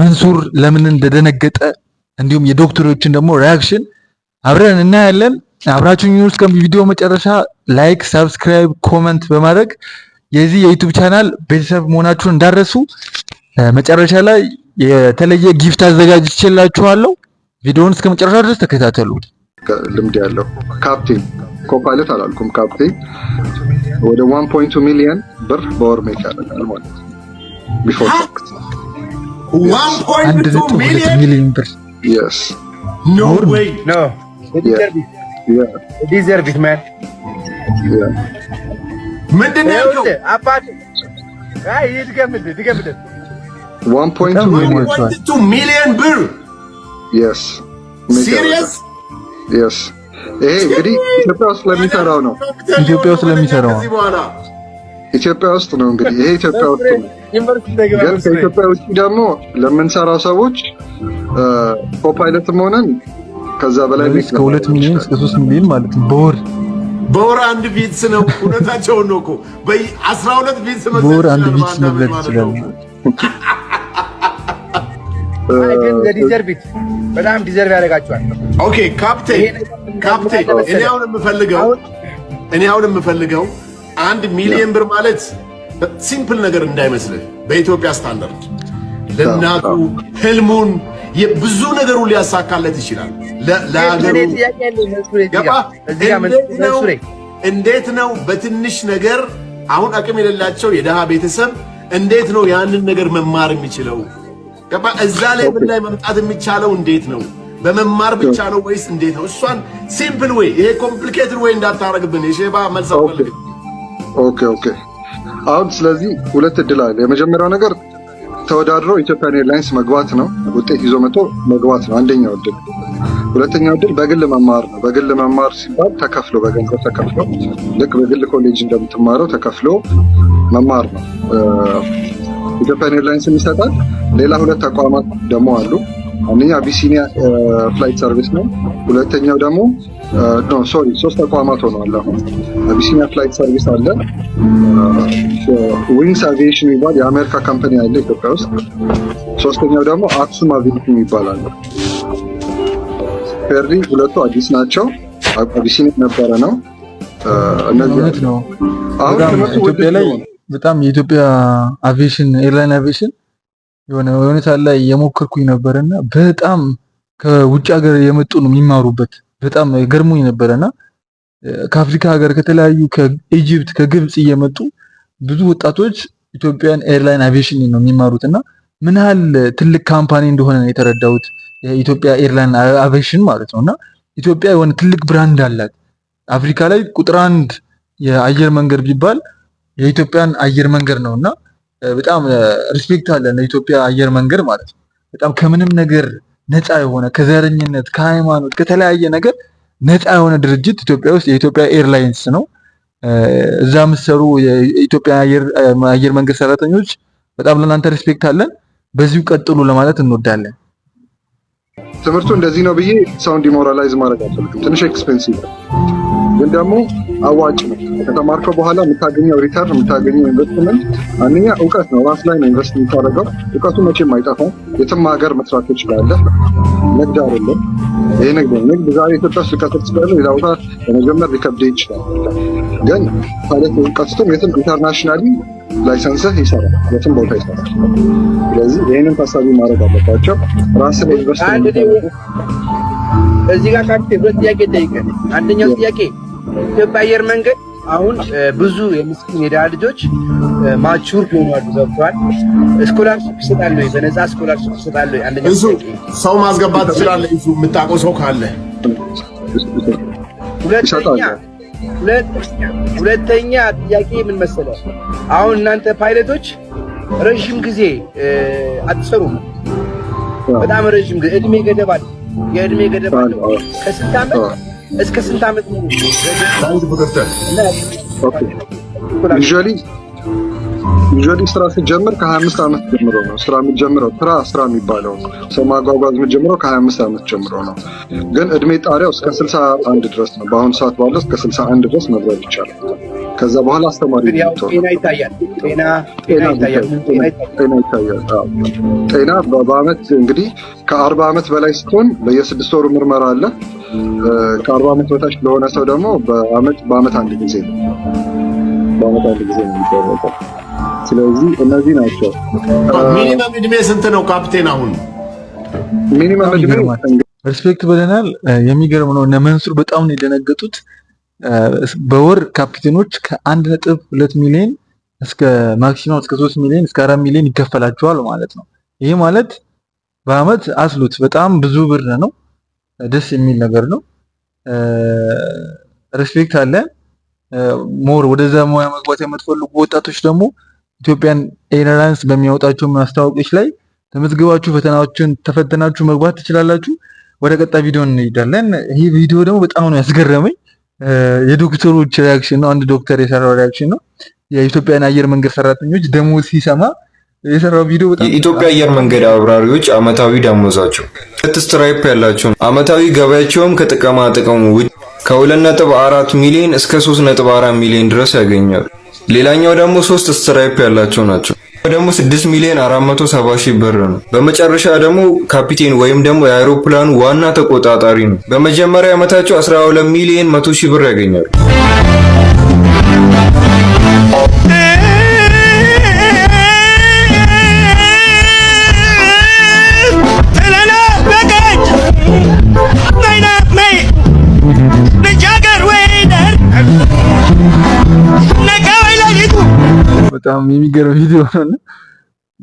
መንሱር ለምን እንደደነገጠ እንዲሁም የዶክተሮችን ደግሞ ሪያክሽን አብረን እናያለን። አብራችሁኝ እስከ ቪዲዮ መጨረሻ ላይክ፣ ሰብስክራይብ፣ ኮመንት በማድረግ የዚህ የዩቱብ ቻናል ቤተሰብ መሆናችሁን እንዳረሱ። መጨረሻ ላይ የተለየ ጊፍት አዘጋጅቼላችኋለሁ። ቪዲዮውን እስከ መጨረሻ ድረስ ተከታተሉ። ልምድ ያለው ካፕቴን ኮፓይለት አላልኩም፣ ካፕቴን ወደ 1.2 ሚሊዮን ብር በወር ሜክ ያደርጋል ማለት ነው ቢፎር ታክስ ሚሊዮን ብር ይሄ እንግዲህ ኢትዮጵያ ውስጥ ለሚሰራው ነው። ኢትዮጵያ ውስጥ ለሚሰራው ኢትዮጵያ ውስጥ ነው እንግዲህ ይሄ ኢትዮጵያ ውስጥ ነው። ግን ከኢትዮጵያ ውጭ ደግሞ ለምንሰራ ሰዎች ኮፓይለት መሆነን ከዛ በላይ ከሁለት ሚሊዮን እስከ ሶስት ሚሊዮን ማለት ነው በወር በወር አንድ ቢትስ ነው። እውነታቸውን ነው እኮ አስራ ሁለት ቢትስ በወር አንድ ቢትስ መብላት ይችላል። በጣም ዲዘርቭ ያደርጋቸዋል። ኦኬ ካፕቴን ካፕቴን፣ እኔ አሁን የምፈልገው እኔ አሁን የምፈልገው አንድ ሚሊዮን ብር ማለት ሲምፕል ነገር እንዳይመስልህ በኢትዮጵያ ስታንዳርድ ለእናቱ ህልሙን ብዙ ነገሩን ሊያሳካለት ይችላል። ለሀገሩ እንዴት ነው በትንሽ ነገር አሁን አቅም የሌላቸው የድሃ ቤተሰብ እንዴት ነው ያንን ነገር መማር የሚችለው? ገባ እዛ ላይ ምን ላይ መምጣት የሚቻለው እንዴት ነው? በመማር ብቻ ነው ወይስ እንዴት ነው? እሷን ሲምፕል ወይ ይሄ ኮምፕሊኬትድ ወይ እንዳታረግብን የሼባ መልስ አልፈልግም። ኦኬ ኦኬ አሁን ስለዚህ ሁለት እድል አለ። የመጀመሪያው ነገር ተወዳድሮ ኢትዮጵያን ኤርላይንስ መግባት ነው፣ ውጤት ይዞ መጥቶ መግባት ነው አንደኛው እድል። ሁለተኛው እድል በግል መማር ነው። በግል መማር ሲባል ተከፍሎ በገንዘብ ተከፍሎ ልክ በግል ኮሌጅ እንደምትማረው ተከፍሎ መማር ነው። ኢትዮጵያን ኤርላይንስም ይሰጣል። ሌላ ሁለት ተቋማት ደግሞ አሉ። አንደኛው አቢሲኒያ ፍላይት ሰርቪስ ነው። ሁለተኛው ደግሞ ሶሪ ሶስት ተቋማት ሆነዋል። አሁን አቢሲኒያ ፍላይት ሰርቪስ አለ፣ ዊንግስ አቪዬሽን የሚባል የአሜሪካ ካምፓኒ አለ ኢትዮጵያ ውስጥ፣ ሶስተኛው ደግሞ አክሱም አቪዬሽን የሚባል አለ። ፌርሊ ሁለቱ አዲስ ናቸው። አቢሲኒያ ነበረ ነው። እነዚህ ነው አሁን ኢትዮጵያ ላይ በጣም የኢትዮጵያ አቪዬሽን ኤርላይን አቪዬሽን የሆነ ሁኔታ ላይ የሞከርኩኝ ነበር እና በጣም ከውጭ ሀገር የመጡ ነው የሚማሩበት በጣም ገርሞኝ ነበረ እና ከአፍሪካ ሀገር ከተለያዩ ከኢጅፕት ከግብፅ እየመጡ ብዙ ወጣቶች ኢትዮጵያን ኤርላይን አቪዬሽን ነው የሚማሩት እና ምን ያህል ትልቅ ካምፓኒ እንደሆነ ነው የተረዳሁት። የኢትዮጵያ ኤርላይን አቪዬሽን ማለት ነው እና ኢትዮጵያ የሆነ ትልቅ ብራንድ አላት። አፍሪካ ላይ ቁጥር አንድ የአየር መንገድ ቢባል የኢትዮጵያን አየር መንገድ ነው እና በጣም ሪስፔክት አለን ለኢትዮጵያ አየር መንገድ ማለት ነው። በጣም ከምንም ነገር ነፃ የሆነ ከዘረኝነት፣ ከሃይማኖት፣ ከተለያየ ነገር ነፃ የሆነ ድርጅት ኢትዮጵያ ውስጥ የኢትዮጵያ ኤርላይንስ ነው። እዛ የምትሰሩ የኢትዮጵያ አየር መንገድ ሰራተኞች በጣም ለእናንተ ሪስፔክት አለን። በዚሁ ቀጥሉ ለማለት እንወዳለን። ትምህርቱ እንደዚህ ነው ብዬ ሰው እንዲሞራላይዝ ማድረግ አልፈልግም። ትንሽ ኤክስፔንሲቭ ግን ደግሞ አዋጭ ነው። ከተማርከው በኋላ የምታገኘው ሪተርን የምታገኘው ኢንቨስትመንት አንደኛ እውቀት ነው። ራስ ላይ ነው ኢንቨስት የምታደርገው። እውቀቱ መቼም አይጠፋም። የትም ሀገር መስራት ትችላለህ። ንግድ አይደለም ይህ ንግድ ንግድ ዛሬ ኢትዮጵያ ውስጥ እውቀት ስላለ ሌላ ቦታ ለመጀመር ሊከብድህ ይችላል። ግን ማለት እውቀቱም የትም ኢንተርናሽናሊ ላይሰንስህ ይሰራል፣ የትም ቦታ ይሰራል። ስለዚህ ይህንን ታሳቢ ማድረግ አለባቸው። ራስ ላይ ኢንቨስት እዚህ ጋር ሁለት ጥያቄ ጠይቀን አንደኛው ጥያቄ ኢትዮጵያ አየር መንገድ አሁን ብዙ የምስኪን የድሃ ልጆች ማቹር ቢሆኑ ዘብቷል። ስኮላርሽፕ ይሰጣል ወይ? በነፃ ስኮላርሽፕ ይሰጣል ወይ? አንደኛ ሰው ማስገባት ትችላለህ፣ እሱ የምታውቀው ሰው ካለ። ሁለተኛ ሁለተኛ ጥያቄ ምን መሰለህ፣ አሁን እናንተ ፓይለቶች ረዥም ጊዜ አትሰሩም። በጣም ረዥም ጊዜ እድሜ ገደብ አለ፣ የእድሜ ገደብ አለ ከስንት ዓመት እስከ ስንት ዓመት ሙሉ ዩዥዋሊ ስራ ሲጀምር ከ25 ዓመት ጀምሮ ነው ስራ የምትጀምረው። ስራ ስራ የሚባለው ሰው ማጓጓዝ የምትጀምረው ከሀያ አምስት ዓመት ጀምሮ ነው። ግን እድሜ ጣሪያው እስከ 61 ድረስ ነው። በአሁኑ ሰዓት ባለው እስከ 61 ድረስ መብረር ይቻላል። ከዛ በኋላ አስተማሪ ጤና ጤና ይታያል። ጤና በአመት እንግዲህ ከአርባ ዓመት በላይ ስትሆን በየስድስት ወሩ ምርመራ አለ ከአርባ ዓመት በታች ለሆነ ሰው ደግሞ በአመት በአመት አንድ ጊዜ ነው በአመት አንድ ጊዜ ነው የሚደረገው። ስለዚህ እነዚህ ናቸው። ሚኒመም እድሜ ስንት ነው ካፕቴን? አሁን ሚኒመም እድሜ ሪስፔክት ብለናል። የሚገርም ነው። እነ መንሱር በጣም ነው የደነገጡት። በወር ካፕቴኖች ከአንድ ነጥብ ሁለት ሚሊዮን እስከ ማክሲማም እስከ ሶስት ሚሊዮን እስከ አራት ሚሊዮን ይከፈላቸዋል ማለት ነው። ይህ ማለት በአመት አስሉት በጣም ብዙ ብር ነው። ደስ የሚል ነገር ነው። ሬስፔክት አለ። ሞር ወደዛ ሙያ መግባት የምትፈልጉ ወጣቶች ደግሞ ኢትዮጵያን ኤርላይንስ በሚያወጣቸው ማስታወቂያዎች ላይ ተመዝግባችሁ ፈተናዎችን ተፈትናችሁ መግባት ትችላላችሁ። ወደ ቀጣይ ቪዲዮ እንሄዳለን። ይህ ቪዲዮ ደግሞ በጣም ነው ያስገረመኝ። የዶክተሮች ሪያክሽን ነው። አንድ ዶክተር የሰራው ሪያክሽን ነው። የኢትዮጵያን አየር መንገድ ሰራተኞች ደሞዝ ሲሰማ የሰራው ቪዲዮ በጣም የኢትዮጵያ አየር መንገድ አብራሪዎች አመታዊ ደሞዛቸው ሁለት ስትራይፕ ያላቸው አመታዊ ገበያቸውም ከጥቅማ ጥቅሙ ውጭ ከ2.4 ሚሊዮን እስከ 3.4 ሚሊዮን ድረስ ያገኛሉ። ሌላኛው ደግሞ ሶስት ስትራይፕ ያላቸው ናቸው። ደግሞ 6 ሚሊዮን 470 ሺህ ብር ነው። በመጨረሻ ደግሞ ካፒቴን ወይም ደግሞ የአውሮፕላኑ ዋና ተቆጣጣሪ ነው። በመጀመሪያ ዓመታቸው 12 ሚሊዮን 100 ሺህ ብር ያገኛሉ። በጣም የሚገርም ቪዲዮ ነው።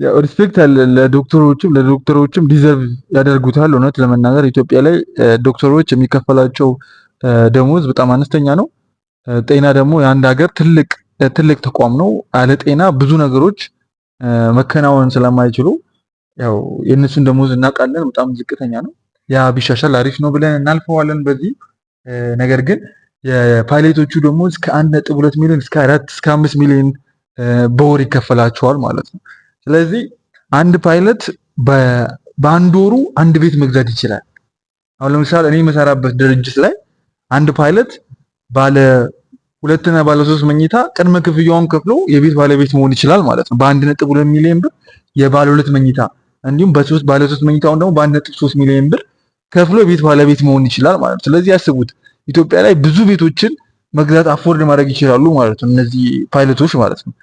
ያው ሪስፔክት አለ ለዶክተሮችም ለዶክተሮችም ዲዘርቭ ያደርጉታል። እውነት ለመናገር ኢትዮጵያ ላይ ዶክተሮች የሚከፈላቸው ደሞዝ በጣም አነስተኛ ነው። ጤና ደግሞ የአንድ ሀገር ትልቅ ትልቅ ተቋም ነው። አለ ጤና ብዙ ነገሮች መከናወን ስለማይችሉ ያው የእነሱን ደሞዝ እናውቃለን፣ በጣም ዝቅተኛ ነው። ያ ቢሻሻል አሪፍ ነው ብለን እናልፈዋለን በዚህ ነገር ግን የፓይለቶቹ ደሞዝ ከአንድ ነጥብ ሁለት ሚሊዮን እስከ አራት እስከ አምስት ሚሊዮን በወር ይከፈላቸዋል ማለት ነው። ስለዚህ አንድ ፓይለት በአንድ ወሩ አንድ ቤት መግዛት ይችላል። አሁን ለምሳሌ እኔ የምሰራበት ድርጅት ላይ አንድ ፓይለት ባለ ሁለትና ባለ ሶስት መኝታ ቅድመ ክፍያውን ከፍሎ የቤት ባለቤት መሆን ይችላል ማለት ነው። በአንድ ነጥብ ሁለት ሚሊዮን ብር የባለ ሁለት መኝታ እንዲሁም በሶስት ባለ ሶስት መኝታውን ደግሞ በአንድ ነጥብ ሶስት ሚሊዮን ብር ከፍሎ የቤት ባለቤት መሆን ይችላል ማለት ነው። ስለዚህ ያስቡት ኢትዮጵያ ላይ ብዙ ቤቶችን መግዛት አፎርድ ማድረግ ይችላሉ ማለት ነው፣ እነዚህ ፓይለቶች ማለት ነው።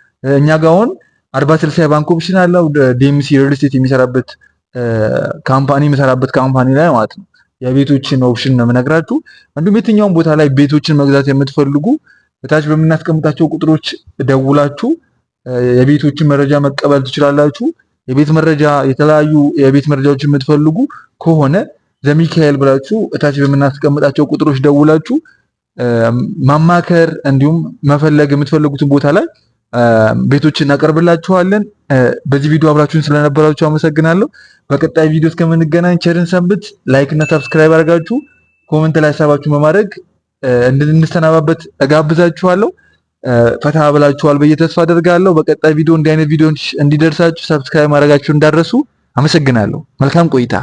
እኛ ጋር አሁን አርባ ስልሳ የባንክ ኦፕሽን አለው። ዴምሲ ሪል ስቴት የሚሰራበት ካምፓኒ የሚሰራበት ካምፓኒ ላይ ማለት ነው የቤቶችን ኦፕሽን ነው የምነግራችሁ። እንዲሁም የትኛውን ቦታ ላይ ቤቶችን መግዛት የምትፈልጉ በታች በምናስቀምጣቸው ቁጥሮች ደውላችሁ የቤቶችን መረጃ መቀበል ትችላላችሁ። የቤት መረጃ የተለያዩ የቤት መረጃዎች የምትፈልጉ ከሆነ ዘሚካኤል ብላችሁ እታች በምናስቀምጣቸው ቁጥሮች ደውላችሁ ማማከር እንዲሁም መፈለግ የምትፈልጉትን ቦታ ላይ ቤቶችን እናቀርብላችኋለን። በዚህ ቪዲዮ አብራችሁን ስለነበራችሁ አመሰግናለሁ። በቀጣይ ቪዲዮ እስከምንገናኝ ቸርን ሰንብት። ላይክ እና ሰብስክራይብ አድርጋችሁ ኮመንት ላይ ሀሳባችሁን በማድረግ እንድንሰናባበት እጋብዛችኋለሁ። ፈታ ብላችኋል ብዬ ተስፋ አደርጋለሁ። በቀጣይ ቪዲዮ እንዲህ አይነት ቪዲዮዎች እንዲደርሳችሁ ሰብስክራይብ ማድረጋችሁ እንዳትረሱ። አመሰግናለሁ። መልካም ቆይታ